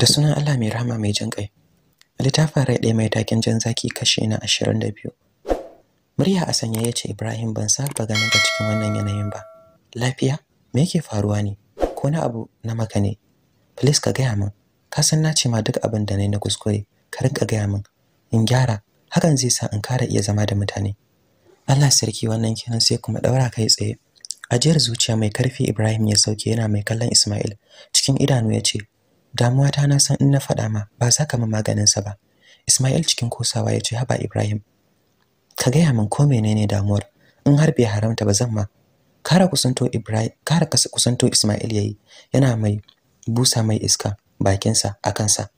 da sunan Allah mai rahama mai jin kai littafin rai ɗaya mai taken jan zaki kashe na 22 murya a sanya ya ce Ibrahim ban ba ganin ka cikin wannan yanayin ba lafiya me yake faruwa ne ko na abu na maka ne please ka gaya min ka san na ce ma duk abin da nayi na kuskure ka rinka gaya min in gyara hakan zai sa in kara iya zama da mutane Allah sarki wannan kenan sai kuma daura kai tsaye ajiyar zuciya mai karfi Ibrahim ya sauke yana mai kallon Ismail cikin idanu ya ce damuwa ta na san in na faɗa ma ba za ka ma maganin sa ba Ismail cikin kosawa ya ce haba Ibrahim ka gaya min ko menene damuwar in har bai haramta ba zan ma kara kusanto Ibrahim kara kusanto Ismail yayi yana mai busa mai iska bakinsa a kansa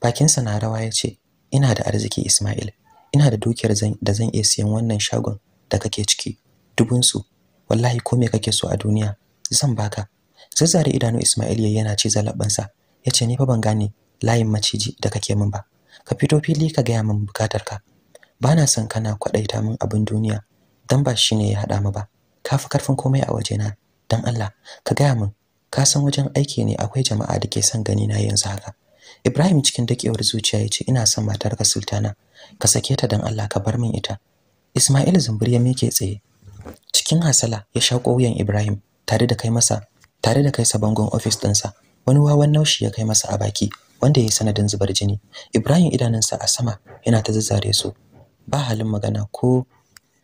bakinsa na rawa ya ce ina da arziki Ismail ina da dukiyar da zan iya siyan wannan shagon da kake ciki dubunsu wallahi ko me kake so a duniya zan baka zazzare idanu Ismail yayi yana ci zalabansa ya ce ni fa ban gane layin maciji da kake min ba ka fito fili ka gaya min bukatarka ba na son kana kwaɗaita min abin duniya dan ba shi ne ya haɗa mu ba ka fi karfin komai a waje na, dan Allah ka gaya min ka san wajen aiki ne akwai jama'a da ke son gani na yanzu haka Ibrahim cikin dakewar zuciya ya ce ina son matar matarka Sultana ka sake ta dan Allah ka bar min ita Ismail Zumbur ya mike tsaye cikin hasala ya shaƙo wuyan Ibrahim tare da kai masa tare da kai sa bangon office ɗinsa wani wawan naushi ya kai masa a baki wanda ya yi sanadin zubar jini ibrahim idanunsa a sama yana ta zazzare su ba halin magana ko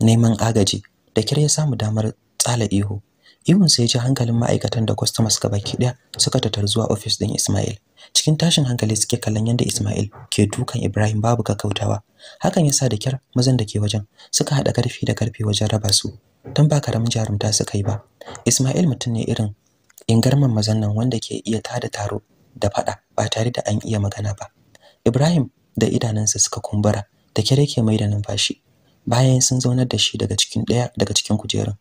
neman agaji da kira ya samu damar tsala ihu ihun sai ya ji hankalin ma'aikatan da customers ga baki daya suka tatar zuwa ofis din Ismail cikin tashin hankali suke kallon yadda Ismail ke dukan Ibrahim babu kakautawa hakan ya sa da kyar mazan da ke wajen suka haɗa karfi da karfi wajen raba su don ba karamin jarumta suka yi ba Ismail mutum ne irin ingarman mazan nan wanda ke iya tada taro da fada ba tare da an iya magana ba Ibrahim da idanansa suka kumbura da kire ke mai da numfashi bayan sun zaunar da shi daga cikin daya daga cikin kujerun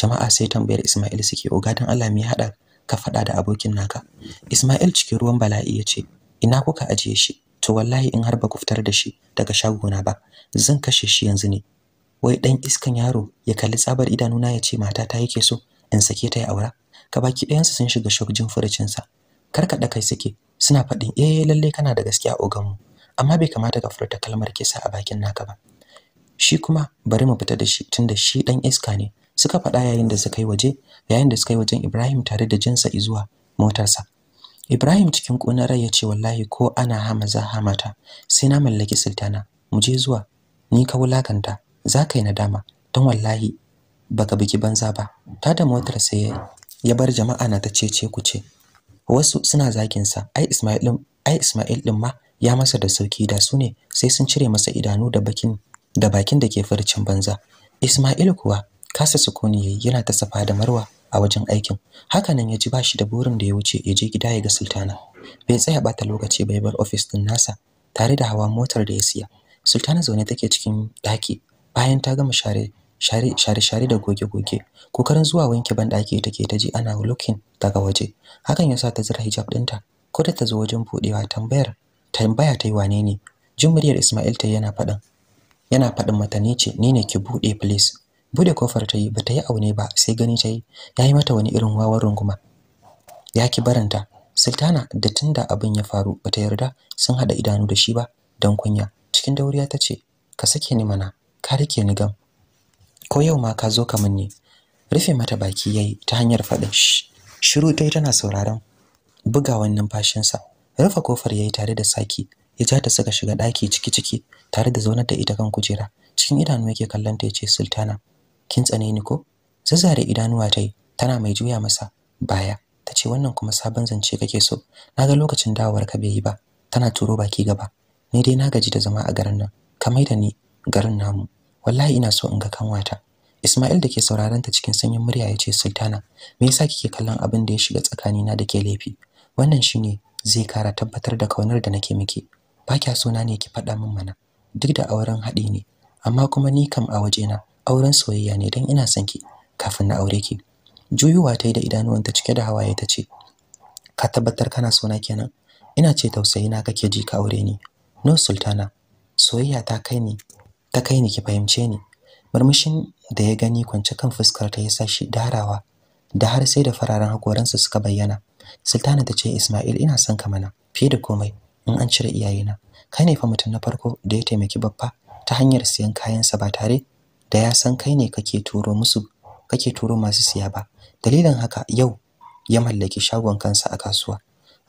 jama'a sai tambayar Ismail suke oga dan Allah mai hada ka fada da abokin naka Ismail cikin ruwan bala'i ya ce ina kuka ajiye shi to wallahi in har ba ku fitar da shi daga shagona ba zan kashe shi yanzu ne wai dan iskan yaro ya kalli tsabar idanuna ya ce mata ta yake so in sake ta yi aura Ka gabaki ɗayansu sun shiga shock jin Kar karkaɗa kai suke suna faɗin eh lalle kana da gaskiya mu amma bai kamata ka furta kalmar kisa a bakin naka ba shi kuma bari mu fita da shi tunda shi dan iska ne suka faɗa yayin da suka yi waje yayin da suka yi wajen Ibrahim tare da jinsa izuwa motarsa Ibrahim cikin ƙunar rai ya ce wallahi ko ana hamaza hamata sai na mallaki sultana mu je zuwa ni ka wulakanta za ka yi nadama don wallahi baka biki banza ba ta da motar sai ya bar jama'a na ta cece ku ce wasu suna zakin sa ai Ismail din ai Ismail din ma ya masa da sauki da su ne sai sun cire masa idanu da bakin da bakin da ke farcin banza Ismail kuwa kasa sukuni yayi yana ta safa da Marwa a wajen aikin haka nan ya ji bashi da burin da ya wuce ya je gida ya ga Sultana bai tsaya ba ta lokaci bai bar office din nasa tare da hawa motar da ya siya Sultana zaune take cikin daki bayan ta gama share share share da goge goge kokarin zuwa wanke banɗaki take ta ji ana looking daga waje hakan yasa ta zira hijab dinta, ko da ta zo wajen buɗewa tambayar tambaya ta yi wane ne jin Ismail ta yana faɗin yana faɗin mata ne ce ni ne ki buɗe please buɗe kofar ta yi bata yi aune ba sai gani ta yi Ya yi mata wani irin wawan runguma ya ki baranta Sultana da tunda abin ya faru bata yarda sun hada idanu da shi ba dan kunya cikin dauriya ta ce ka sake ni mana ka rike ni gam ko yau ma ka zo mun ne rufe mata baki yayi ta hanyar faɗin shiru tai tana sauraron bugawan numfashinsa rufe kofar yayi tare da saki ya ja ta saka shiga ɗaki ciki ciki tare da zaunar da ita kan kujera cikin idanu yake kallon ta yace sultana kin tsane ni ko zazzare idanuwa tai tana mai juya masa baya tace wannan kuma sabon zance kake so Na ga lokacin dawowar ka bai yi ba tana turo baki gaba ni dai na gaji da zama a garin nan ka maida ni garin namu wallahi ina so in ga kanwata Ismail da ke sauraron ta cikin sanyin murya ya ce Sultana, me yasa kike kallon abin da ya shiga tsakanina da ke laifi? Wannan shine zai kara tabbatar da kaunar da nake miki. Ba kya so ne ki faɗa min mana. Duk da auren haɗi ne, amma kuma ni kam a waje na auren soyayya ne dan ina son ki kafin na aure ki. Juyuwa ta yi da ta cike da hawaye ta ce, Ka tabbatar kana so na kenan? Ina ce tausayi na kake ji ka aure ni. No Sultana, soyayya ta kai ni, ta kai ni ki fahimce ni. Murmushin da ya gani kwance kan fuskar ta sa shi darawa da har sai da fararen hakoransa suka bayyana sultana ta ce Ismail ina son ka mana fiye da komai in an cire iyayena kai ne fa mutum na farko da ya taimaki babba ta hanyar siyan kayansa ba tare da ya san kai ne kake turo musu kake turo masu siya ba dalilin haka yau ya mallaki shagon kansa a kasuwa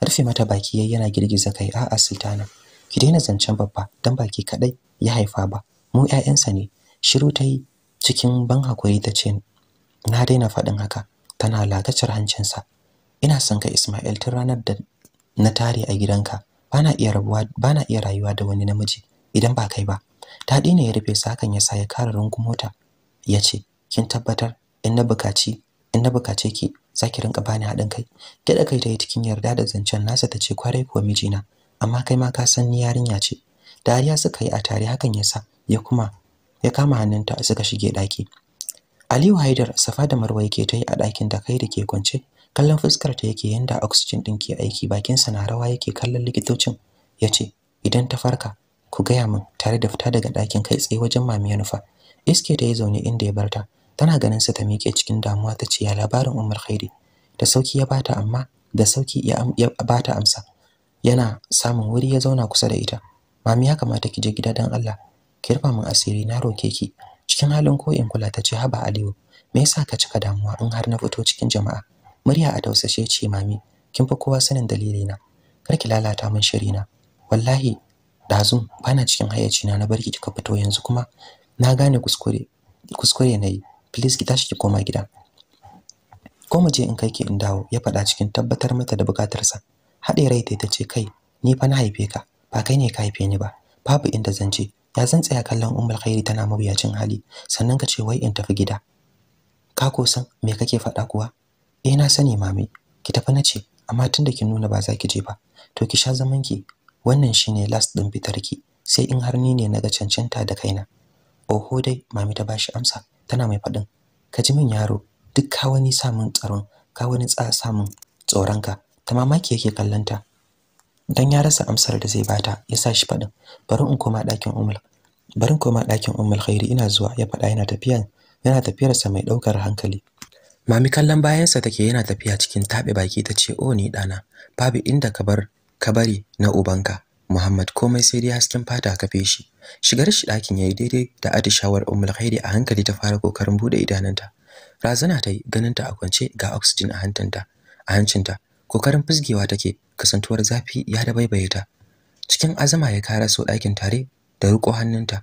rufe mata baki yayi yana girgiza kai a'a sultana ki daina zancen babba dan baki kadai ya haifa ba mu ƴaƴansa ne shiru ta yi cikin ban hakuri ta ce na daina faɗin haka tana lagacar hancinsa ina son ka Ismail tun ranar da na tare a gidanka bana iya bana iya rayuwa da wani namiji idan ba kai ba ta daina ya rufe sa hakan yasa ya kara rungu mota Ya ce, kin tabbatar in na bukaci in na bukace ki zaki rinka bani haɗin kai gyaɗa kai ta yi cikin yarda da zancen nasa ta ce kwarai kuwa mijina amma kai ma ka san ni yarinya ce dariya suka yi a tare hakan yasa ya kuma ya kama hannunta suka shige daki. Aliyu Haidar safa da Marwa yake ta yi a ɗakin da kai da ke kwance kallon fuskar ta yake yanda oxygen din ke aiki bakin sa na rawa yake kallon likitocin yace idan ta farka ku gaya min tare da fita daga dakin kai tsaye wajen mamiya nufa iske ta yi zaune inda ya barta tana ganin sa ta miƙe cikin damuwa ta ce ya labarin Umar Khairi da sauki ya bata amma da sauki ya, ya bata amsa yana samun wuri ya zauna kusa da ita mami ya kamata ki je gida dan Allah Ki kirfa min asiri na roke ki cikin halin ko in kula ta ce haba aliyu me yasa ka cika damuwa in har na fito cikin jama'a murya a tausashe ce mami kin fi kowa sanin dalili na kar ki lalata min shiri na wallahi dazun bana cikin hayyaci na na barki kika fito yanzu kuma na gane kuskure kuskure yi, please ki tashi ki koma gida ko mu je in kai ki in dawo ya faɗa cikin tabbatar mata da bukatarsa haɗe rai ta ce kai ni fa na haife ka ba kai ne ka haife ni ba babu inda zan je ya zan tsaya kallon ummul khairi tana mabiyacin hali sannan ka ce wai in tafi gida ka ko san me kake faɗa kuwa eh na sani mami ki tafi na ce amma tunda kin nuna ba za ki je ba to ki sha zaman ki wannan shine last din fitarki sai in har ni ne naga cancanta da kaina oho dai mami ta bashi amsa tana mai faɗin ka ji min yaro duk ka wani samun tsaron ka wani tsa samun tsoronka ta mamaki yake kallanta dan ya rasa amsar da zai bata ya sa shi faɗin bari in koma ɗakin umul barin koma ɗakin ummul khairi ina zuwa ya faɗa yana tafiya yana tafiyarsa mai ɗaukar hankali mami kallon bayansa take yana tafiya cikin taɓe baki ta ce o oh, ni ɗana babu inda ka bar ka bari na ubanka Muhammad komai sai dai hasken fata ka shi. shigar shi ɗakin ya yi daidai da adishawar ummul khairi a hankali ta fara kokarin buɗe idananta razana ta yi ganin ta a kwance ga oxygen a hantanta a hancinta kokarin fusgewa take kasantuwar zafi ya da baibaye ta cikin azama ya kara so ɗakin tare da riko hannunta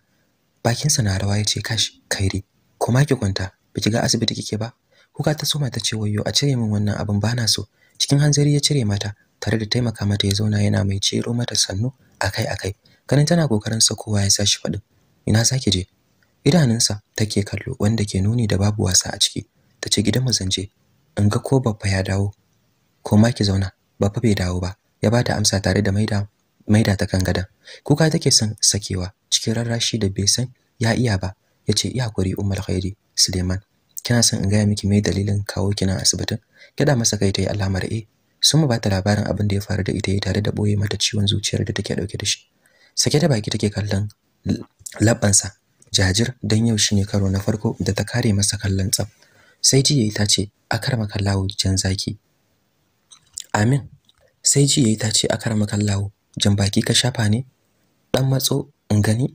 bakinsa na rawa yace kash kairi kuma ki kwanta biki ga asibiti kike ba kuka ta soma ta ce wayo a cire min wannan abin bana so cikin hanzari ya cire mata tare da taimaka mata ya zauna yana mai cero mata sannu akai-akai ganin tana kokarin kowa ya sashi faɗin ina saki je idanunsa take kallo wanda ke nuni da babu wasa a ciki tace gidan mu zanje in ga ko Baffa ya dawo ko ki zauna babba bai dawo ba ya bata amsa tare da maida maida ta kan gadon. kuka take son sakewa cikin rarrashi da bai san ya iya ba yace iya kuri ummul khairi suleiman kina son in gaya miki mai dalilin kawo kina asibitin kada masa kai tayi alamar eh sun mu ta labarin abin da ya faru da ita tare da boye mata ciwon zuciyar da take dauke da shi sake da baki take kallon labbansa jajir dan yau shine karo na farko da ta kare masa kallon tsaf sai ji yayi ce a karma kallawo jan zaki amin sai ji yayi tace ce a karma kallawo jan baki ka shafa ne dan matso in gani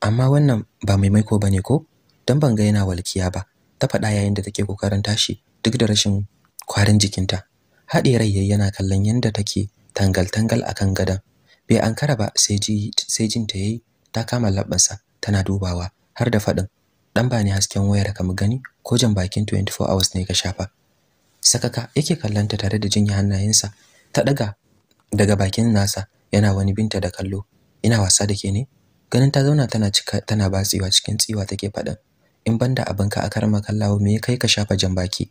amma wannan ba mai maiko bane ko dan ban ga yana walkiya ba ta faɗa yayin da take kokarin tashi duk da rashin kwarin jikinta haɗe rai yana kallon yadda take tangal-tangal akan gadon bai ankara ba sai jin ta yayi ta kama labbansa tana dubawa har da faɗin dan ba ni hasken wayar ka mu gani ko jan bakin 24 hours ne ka shafa sakaka yake kallanta tare da jinya hannayensa ta daga daga bakin nasa yana wani binta da kallo ina wasa da ke ne ganin ta zauna tana cika tana batsewa cikin tsiwa take faɗin in banda abinka a karma kallawo me kai ka shafa jan baki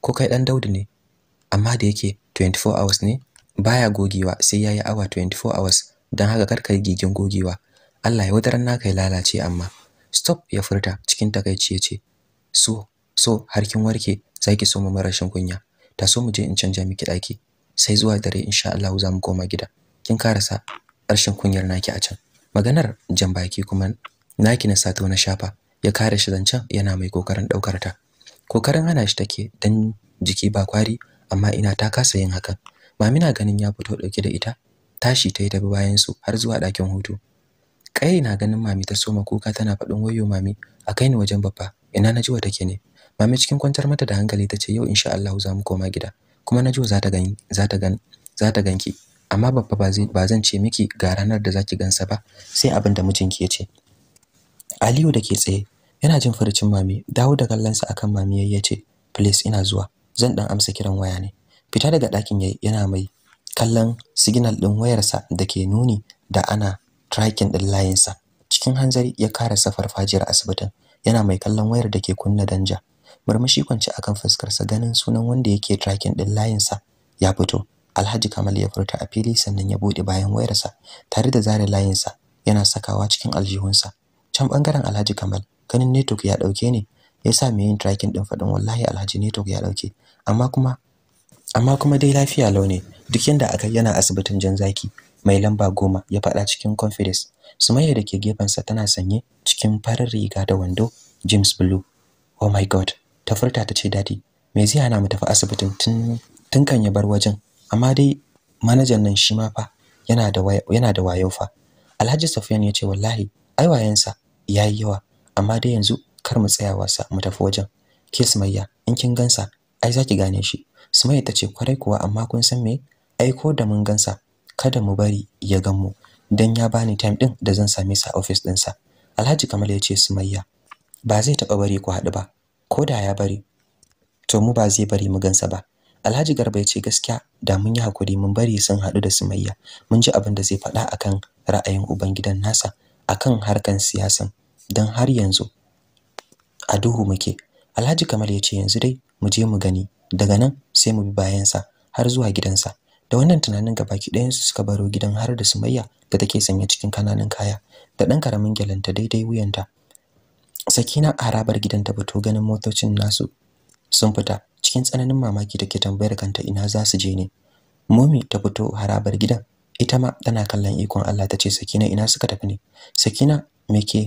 ko kai dan Daudu ne amma da yake 24 hours ne baya gogewa sai yayi awa 24 hours dan haka kar kai gigin gogewa Allah ya wadaran naka ya lalace amma stop ya furta cikin takaici yace so so har kin warke ki so mu marashin kunya ta so mu je in canja miki daki sai zuwa dare insha Allah za mu koma gida kin karasa ƙarshen kunyar naki a can maganar jan baki kuma naki na sato na shafa ya kare shi zancen yana mai kokarin daukar ta kokarin hana shi take dan jiki ba kwari amma ina ta kasa yin hakan na ganin ya fito dauke da ita tashi ta yi tafi bayan su har zuwa ɗakin hutu kai na ganin mami ta soma kuka tana faɗin wayo mami a kai ni wajen babba ina na wa take ne mami cikin kwantar mata da hankali ta ce yau insha Allah za mu koma gida kuma na ji za ta gani za ta gan za ta ganki amma babba ba zan ce miki ga ranar da zaki gansa ba sai abin da mijinki ya ce Aliyu da ke tsaye yana jin farcin mami dawo da kallonsa akan mami ya ce please ina zuwa zan dan amsa kiran waya ne fita daga dakin yayi yana mai kallon signal ɗin wayarsa da ke nuni da ana tracking ɗin layinsa cikin hanzari ya safar fajiyar asibitin yana mai kallon wayar da ke kunna danja murmushi kwance akan fuskarsa ganin sunan wanda yake tracking ɗin layinsa ya fito Alhaji Kamal ya furta a fili sannan ya bude bayan wayarsa tare da zare layinsa yana sakawa cikin aljihunsa. Can bangaren Alhaji Kamal ganin network ya dauke ne ya sa mai yin tracking din fadin wallahi Alhaji network ya dauke amma kuma amma kuma dai lafiya lau ne duk yanda aka yana asibitin jan zaki mai lamba goma ya faɗa cikin confidence Sumayya da ke gefensa tana sanye cikin farin riga da wando James Blue oh my god ta furta ta ce dadi me zai hana mu tafi asibitin tun tun kan ya bar wajen amma dai manajan nan shi ma fa yana da yana da wayo fa Alhaji Sufyan ya ce wallahi ai wayansa yayi yawa amma dai yanzu kar mu tsaya wasa mu tafi wajen ke Sumayya in kin gansa ai zaki gane shi Sumayya ta ce kwarai kuwa amma kun san me ai ko da mun gansa kada mu bari ya gan mu dan ya bani time din da zan same sa office din sa Alhaji Kamal ya ce Sumayya ba zai taba bari ku haɗu ba ko da ya bari to mu ba zai bari mu gansa ba Alhaji Garba ya ce gaskiya da mun yi hakuri mun bari sun haɗu da Sumayya mun ji abin da zai faɗa akan ra'ayin ubangidan nasa akan harkan siyasan dan har yanzu a duhu muke Alhaji Kamal ya ce yanzu dai mu je mu gani daga nan sai mu bi bayansa har zuwa gidansa da wannan tunanin gabaki ɗayansu suka baro gidan har da Sumayya da take sanye cikin kananan kaya da ɗan karamin gyalanta daidai wuyanta Sakina a harabar gidan ta fito ganin motocin nasu sun fita cikin tsananin mamaki take tambayar kanta ina za su je ne momi ta fito harabar gidan ita ma tana kallon ikon Allah tace sakina ina suka tafi ne sakina me ke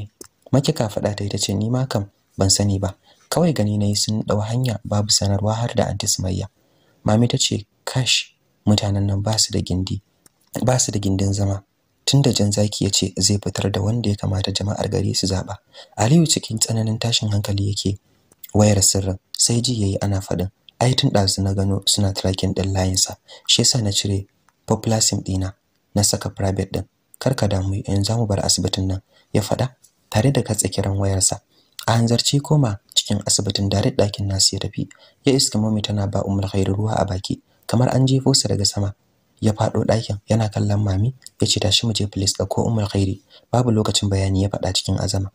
make ka faɗa ta tace ni ma kam ban sani ba kawai gani nayi sun dau hanya babu sanarwa har da anti Sumayya mami tace kash mutanen nan ba su da gindi ba su da gindin zama tunda jan zaki yace zai fitar da wanda ya kamata jama'ar gari su zaba Aliyu cikin tsananin tashin hankali yake wayar sirrin sai ji yayi ana faɗin ai tun ɗazu na gano suna tracking ɗin layinsa shi yasa na cire popular sim ɗina na saka private ɗin karka ka damu in zamu bar asibitin nan ya faɗa tare da katse kiran wayarsa a hanzarci koma cikin asibitin dare ɗakin nasu ya tafi ya iska mami tana ba umul khairu ruwa a baki kamar an jefo sa daga sama ya faɗo ɗakin yana kallon mami ya ce tashi mu je police Ko umul khairi babu lokacin bayani ya faɗa cikin azama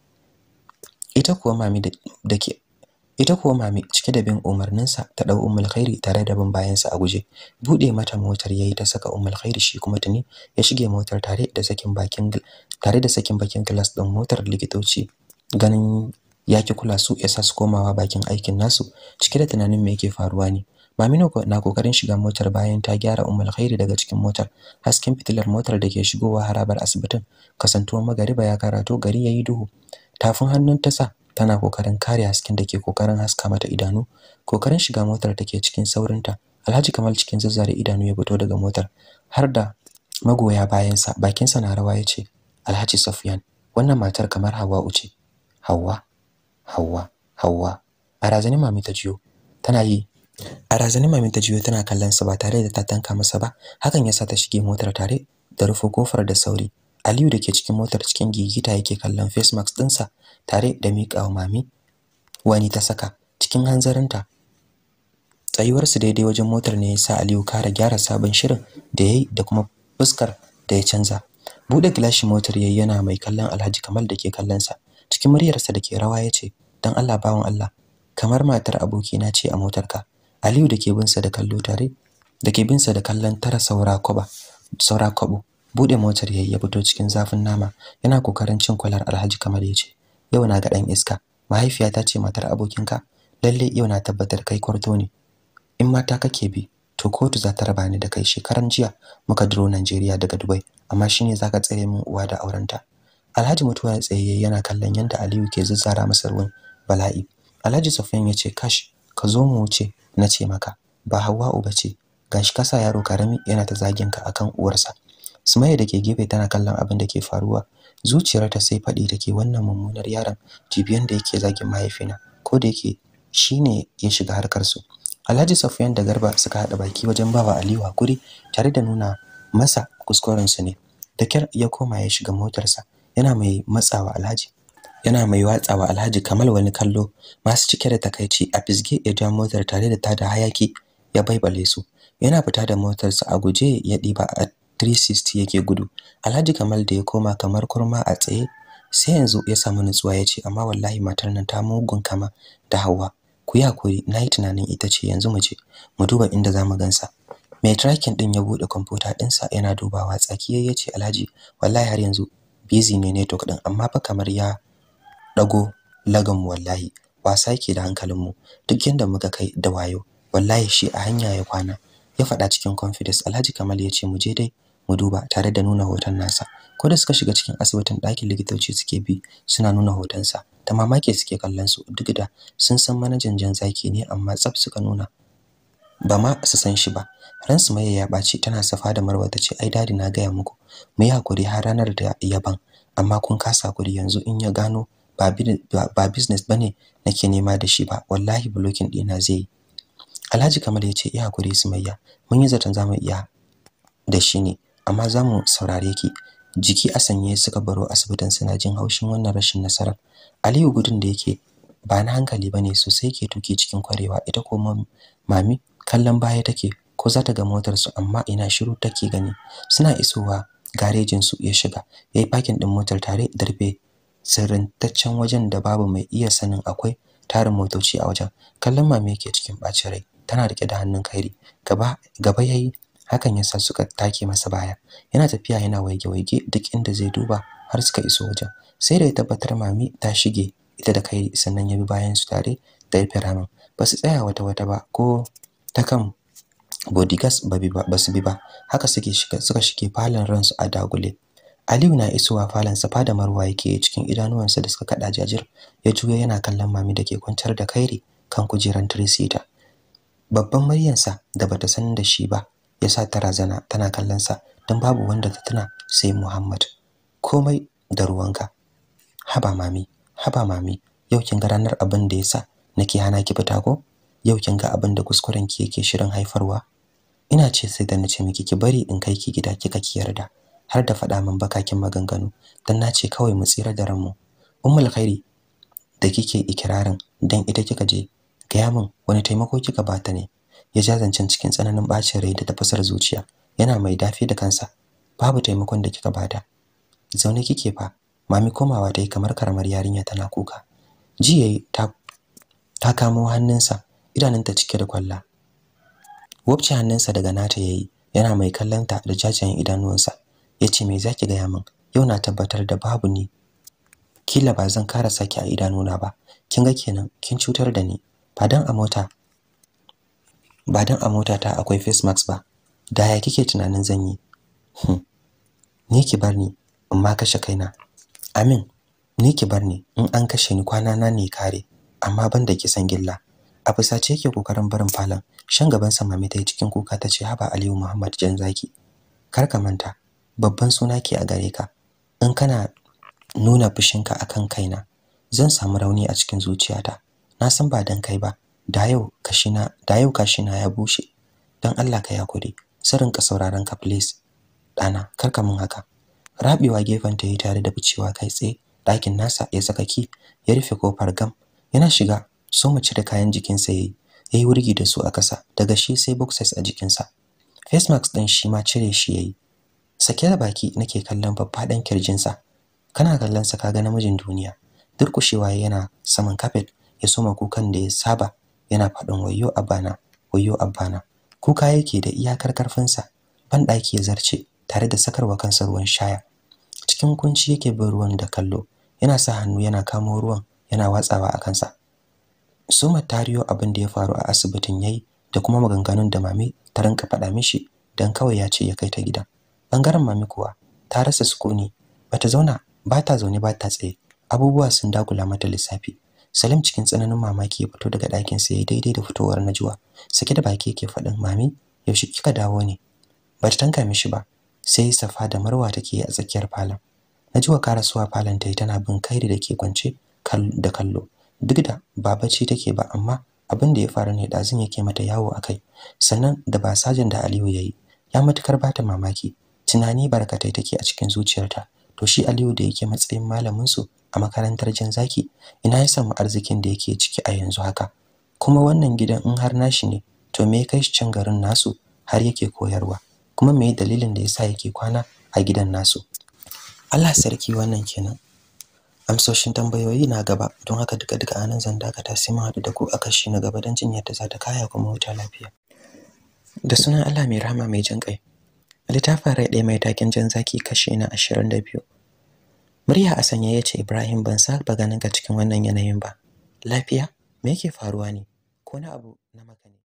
ita kuwa mami da ke ita kuwa mami cike da bin umarninsa ta dau ummul khairi tare da bin bayansa a guje bude mata motar yayi ta saka ummul khairi shi kuma tuni ya shige motar tare da sakin bakin tare da sakin bakin glass din motar likitoci ganin ya yaki kula su yasa su komawa bakin aikin nasu cike da tunanin me yake faruwa ne Mamino na kokarin shiga motar bayan ta gyara Ummul Khairi daga cikin motar. Hasken fitilar motar da ke shigowa harabar asibitin kasantuwar magariba ya karato gari yayi duhu. Tafin hannun ta sa tana kokarin kare hasken da ke kokarin haska mata idanu kokarin shiga motar da take cikin saurinta Alhaji Kamal cikin zazzare idanu ya fito daga motar har da magoya bayansa bakinsa na rawa ya ce Alhaji Safiyan", wannan matar kamar hawa uce hawa hawa hawa a razanin mami ta jiyo tana yi a mami ta jiyo tana kallon sa ba tare da ta tanka masa ba hakan ya sa ta shige motar tare da rufe kofar da sauri Aliyu da ke cikin motar cikin gigita yake kallon face mask ɗinsa tare da miƙawa mami wani ta saka cikin hanzarinta. Tsayuwarsu daidai wajen motar ne ya sa Aliyu kara gyara sabon shirin da ya yi da kuma fuskar da ya canza. Buɗe gilashin motar yayi yana mai kallon Alhaji Kamal da ke kallonsa. Cikin muryarsa da ke rawa ya ce, Don Allah bawan Allah, kamar matar abokina ce a motarka. Aliyu da ke binsa da kallo tare da ke binsa da kallon tara saura kwaba. Saura kwabo bude motar yayi ya fito cikin zafin nama yana kokarin cin kwalar Alhaji Kamal yace yau na ga dan iska mahaifiyata ce matar abokinka lalle yau na tabbatar kai kwarto ne in mata kake bi to kotu za ta raba ni da kai shekaran jiya muka duro Najeriya daga Dubai amma shine zaka tsare min uwa da aurenta Alhaji mutuwa ya tsaye yana kallon yanda Aliyu ke zuzzara masa ruwan bala'i Alhaji Sufyan yace kash ka zo mu wuce na ce maka ba uba ce gashi kasa yaro karami yana ta zagin ka akan uwarsa Sumayya da ke gefe tana kallon abin da ke faruwa. Zuciyarta sai faɗi take wannan mummunar yaron jibiyan da yake zagin mahaifina ko da yake shine ya shiga harkar su. Alhaji Safiyan da Garba suka haɗa baki wajen bawa Aliyu hakuri tare da nuna masa kuskuren su ne. Da kyar ya koma ya shiga motarsa yana mai matsawa Alhaji yana mai watsawa Alhaji kamar wani kallo masu cike da takaici a fisge ya ja motar tare da tada hayaki ya baibale su yana fita da motarsa a guje ya ɗiba a 360 yake gudu alhaji kamal da ya koma kamar kurma a tsaye sai yanzu ya samu nutsuwa ya ce amma wallahi matar nan ta mugun kama da hawa ku ya kuri na yi tunanin ita ce yanzu mu je mu duba inda zamu gansa mai tracking din ya buɗe kwamfuta ɗinsa yana dubawa tsaki ya ce alhaji wallahi har yanzu busy ne network din amma fa kamar ya dago lagan wallahi wasa saki da hankalinmu duk yanda muka kai da wayo wallahi shi a hanya ya kwana ya faɗa cikin confidence Alhaji Kamal ya ce mu je dai mu duba tare da nuna hoton nasa ko da suka shiga cikin asibitin ɗakin likitoci suke bi suna nuna hotonsa ta mamaki suke kallon su duk da sun san manajan jan zaki ne amma tsaf suka nuna ba ma su san shi ba su mai ya ɓaci tana safa da marwa ta ce ai dadi na gaya muku mu yi hakuri har ranar da yaban amma kun kasa hakuri yanzu in ya gano ba business bane nake nema da shi ba wallahi blocking ɗina zai yi Alhaji Kamal ya ce iya hakuri ya mun yi zaton zamu iya da shi ne amma za mu saurare ki jiki a sanye suka baro asibitin suna jin haushin wannan rashin nasarar aliyu gudun da yake ba na hankali ba ne sosai ke tuki cikin kwarewa ita ko mami kallon baya take ko za ta ga motar su amma ina shiru take gani suna isowa garejin su ya shiga yayi parking din motar tare da rufe sirrintaccen wajen da babu mai iya sanin akwai tarin motoci a wajen kallon mami yake cikin bacin rai tana rike da hannun kairi gaba gaba yayi hakan yasa suka take masa baya yana tafiya yana waige-waige duk inda zai duba har suka iso wajen sai da ya tabbatar mami ta shige ita da kai sannan ya bi bayan su tare da rufe ba su tsaya wata wata ba ko ta kan bodyguards ba su bi ba haka suke shiga suka shige falon ransu a dagule Aliyu na isowa falon safa da Marwa yake cikin idanuwansa da suka kada jajir ya juya yana kallon mami da ke kwantar da kairi kan kujeran ta. babban muryarsa da bata san da shi ba ya sa ta razana tana kallon sa don babu wanda ta tuna sai Muhammad komai da ruwanka haba mami haba mami yau kin ga ranar abin da yasa nake hana ki fita ko yau kin ga abin da kuskuren ki yake shirin haifarwa ina ce sai da nace miki ki bari in kai ki gida kika ki yarda har da faɗa min bakakin maganganu dan nace kawai mu tsira da ranmu ummul khairi da kike ikirarin dan ita kika je gaya min wani taimako kika bata ne ya ja cikin tsananin bacin rai da tafasar zuciya yana mai dafi da kansa babu taimakon da kika bada zaune kike fa mami komawa ta yi kamar karamar yarinya tana kuka ji yayi ta ta kamo hannunsa idanunta cike da kwalla wabce hannunsa daga nata yayi yana mai ta da jajayen idanuwansa yace me zaki gaya min yau na tabbatar da babu ni kila ba zan kara saki a idanuna ba kin ga kenan kin cutar da ni fadan a mota ba dan a mota ta akwai face mask ba da ya kike tunanin zan yi hmm. ni ki bar ni in ma kashe kaina amin ni ki bar ni in an kashe ni kwana na ne kare amma banda da kisan gilla a fusace yake kokarin barin falon shan gaban sa mami ta cikin kuka ta ce haba Aliyu Muhammad jan zaki kar ka manta babban suna ke a gare ka in kana nuna fushinka akan kaina zan samu rauni a cikin zuciyata na san ba dan kai ba da yau kashina da yau kashina ya bushe Don Allah ka yakure sarin ka sauraron ka please dana karka mun haka rabewa gefen ta yi tare da ficewa kai tsaye ɗakin nasa ya saka ki ya rufe kofar gam yana shiga so mu cire kayan jikinsa yayi yayi wurgi da su a kasa daga shi sai boxes a jikinsa face mask ɗin shi ma cire shi yayi sake da baki nake kallon ɗan kirjinsa kana kallon sa kaga namijin duniya durkushewa yana saman kafet ya soma kukan da ya saba yana faɗin wayyo wayo wayyo bana kuka yake da iyakar karfinsa ban ɗaki ya zarce tare da sakarwa kansa ruwan shaya cikin kunci yake bin ruwan da kallo yana sa hannu yana kamo ruwan yana watsawa a kansa suma tariyo abin da ya faru a asibitin yayi da kuma maganganun da mami ta rinka faɗa mishi dan kawai ya ce ya kai ta gida bangaren mami kuwa ta rasa sukuni bata zauna bata zaune bata tsaye abubuwa sun dagula mata lissafi Salim cikin tsananin mamaki ya fito daga ɗakin sa yayi daidai da fitowar Najwa. Sake da baki yake faɗin mami, yaushe kika dawo ne? Ba ta tanka mishi ba. Sai Safa da Marwa take a tsakiyar falon. Najwa karasuwa falon tayi tana bin kairi da ke kwance da kallo. Duk da ba bacci take ba amma abin da ya faru ne dazun yake mata yawo a kai. Sannan da ba sajan da Aliyu ya yi, ya matukar bata mamaki. Tunani barkatai take a cikin zuciyarta. To shi Aliyu da yake matsayin malamin su a makarantar Jan Zaki ina ya samu arzikin da yake ciki a yanzu haka kuma wannan gidan in har nashi ne to me ya kai shi can garin nasu har yake koyarwa kuma me dalilin da yasa yake kwana a gidan nasu Allah sarki wannan kenan amsoshin tambayoyi na gaba don haka duka duka anan zan dakata sai mun haɗu da ku a kashi na gaba don jin yadda za ta kaya kuma wuta lafiya da sunan Allah mai rahama mai jan kai littafin rai ɗaya mai taken jan zaki kashi na ashirin da biyu. Murya a sanye ya ce Ibrahim ban ba ganin ka cikin wannan yanayin ba. Lafiya? Me yake faruwa ne? Ko na abu na maka?